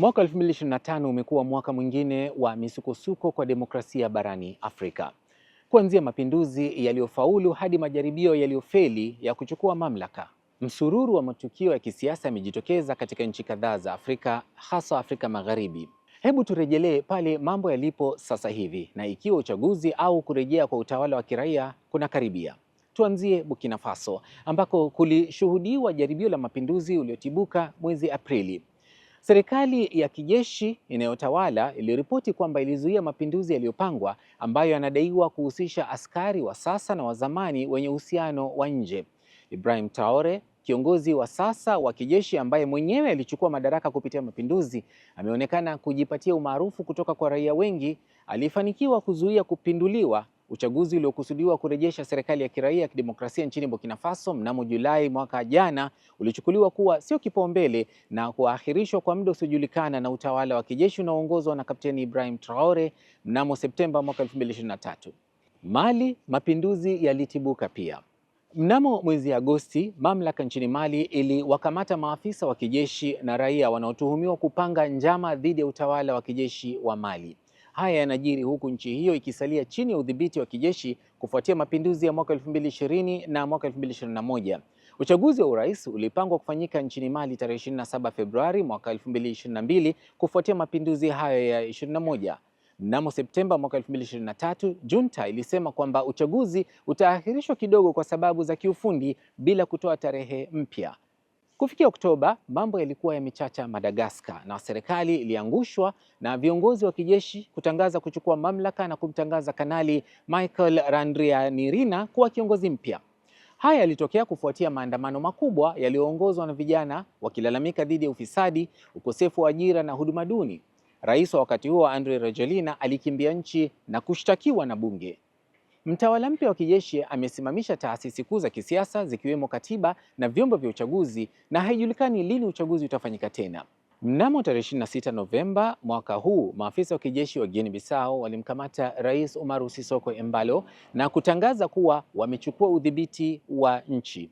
Mwaka 2025 umekuwa mwaka mwingine wa misukosuko kwa demokrasia barani Afrika, kuanzia mapinduzi yaliyofaulu hadi majaribio yaliyofeli ya kuchukua mamlaka. Msururu wa matukio ya kisiasa yamejitokeza katika nchi kadhaa za Afrika, hasa Afrika Magharibi. Hebu turejelee pale mambo yalipo sasa hivi na ikiwa uchaguzi au kurejea kwa utawala wa kiraia kuna karibia Tuanzie Burkina Faso ambako kulishuhudiwa jaribio la mapinduzi uliotibuka mwezi Aprili. Serikali ya kijeshi inayotawala iliripoti kwamba ilizuia mapinduzi yaliyopangwa ambayo yanadaiwa kuhusisha askari wa sasa na wa zamani wenye uhusiano wa nje. Ibrahim Traore, kiongozi wa sasa wa kijeshi ambaye mwenyewe alichukua madaraka kupitia mapinduzi, ameonekana kujipatia umaarufu kutoka kwa raia wengi alifanikiwa kuzuia kupinduliwa uchaguzi uliokusudiwa kurejesha serikali ya kiraia ya kidemokrasia nchini Burkina Faso mnamo Julai mwaka jana ulichukuliwa kuwa sio kipaumbele na kuahirishwa kwa muda usiojulikana na utawala wa kijeshi unaoongozwa na Kapteni Ibrahim Traore mnamo Septemba mwaka 2023. Mali, mapinduzi yalitibuka pia. Mnamo mwezi Agosti, mamlaka nchini Mali iliwakamata maafisa wa kijeshi na raia wanaotuhumiwa kupanga njama dhidi ya utawala wa kijeshi wa Mali. Haya yanajiri huku nchi hiyo ikisalia chini ya udhibiti wa kijeshi kufuatia mapinduzi ya mwaka 2020 na mwaka 2021. Uchaguzi wa urais ulipangwa kufanyika nchini Mali tarehe 27 Februari mwaka 2022 kufuatia mapinduzi hayo ya 21. Mnamo Septemba mwaka 2023, junta ilisema kwamba uchaguzi utaahirishwa kidogo kwa sababu za kiufundi bila kutoa tarehe mpya. Kufikia Oktoba, mambo yalikuwa yamechacha Madagaskar na serikali iliangushwa na viongozi wa kijeshi kutangaza kuchukua mamlaka na kumtangaza Kanali Michael Randrianirina kuwa kiongozi mpya. Haya yalitokea kufuatia maandamano makubwa yaliyoongozwa na vijana wakilalamika dhidi ya ufisadi, ukosefu wa ajira na huduma duni. Rais wa wakati huo Andry Rajoelina alikimbia nchi na kushtakiwa na bunge. Mtawala mpya wa kijeshi amesimamisha taasisi kuu za kisiasa zikiwemo katiba na vyombo vya uchaguzi na haijulikani lini uchaguzi utafanyika tena. Mnamo tarehe 26 Novemba mwaka huu, maafisa wa kijeshi wa Guinea Bissau walimkamata Rais Umaru Sissoco Embalo na kutangaza kuwa wamechukua udhibiti wa nchi.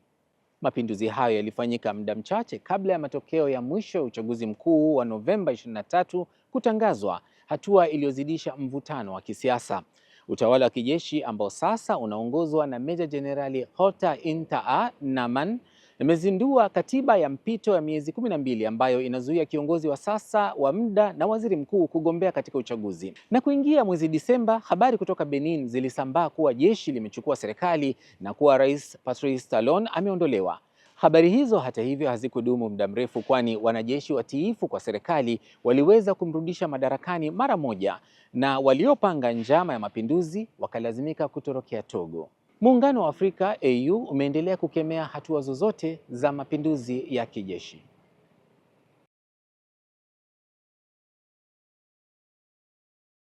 Mapinduzi hayo yalifanyika muda mchache kabla ya matokeo ya mwisho ya uchaguzi mkuu wa Novemba 23 kutangazwa, hatua iliyozidisha mvutano wa kisiasa. Utawala wa kijeshi ambao sasa unaongozwa na Meja Jenerali Hota Intaa Naman imezindua katiba ya mpito ya miezi kumi na mbili ambayo inazuia kiongozi wa sasa wa muda na waziri mkuu kugombea katika uchaguzi. Na kuingia mwezi Disemba, habari kutoka Benin zilisambaa kuwa jeshi limechukua serikali na kuwa Rais Patrice Talon ameondolewa. Habari hizo hata hivyo hazikudumu muda mrefu, kwani wanajeshi watiifu kwa serikali waliweza kumrudisha madarakani mara moja, na waliopanga njama ya mapinduzi wakalazimika kutorokea Togo. Muungano wa Afrika AU umeendelea kukemea hatua zozote za mapinduzi ya kijeshi.